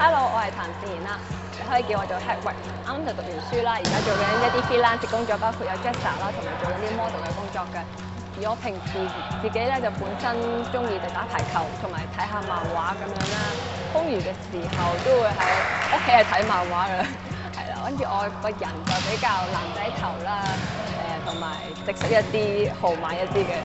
Hello，我係談善言啦，你可以叫我做 Hedwig。啱啱就讀完書啦，而家做緊一啲 freelance 工作，包括有 dresser 啦，同埋做緊啲 model 嘅工作嘅。而我平時自己咧就本身中意就打排球，同埋睇下漫畫咁樣啦。空餘嘅時候都會喺屋企係睇漫畫嘅。係啦，跟住我個人就比較男仔頭啦，誒同埋直率一啲、豪邁一啲嘅。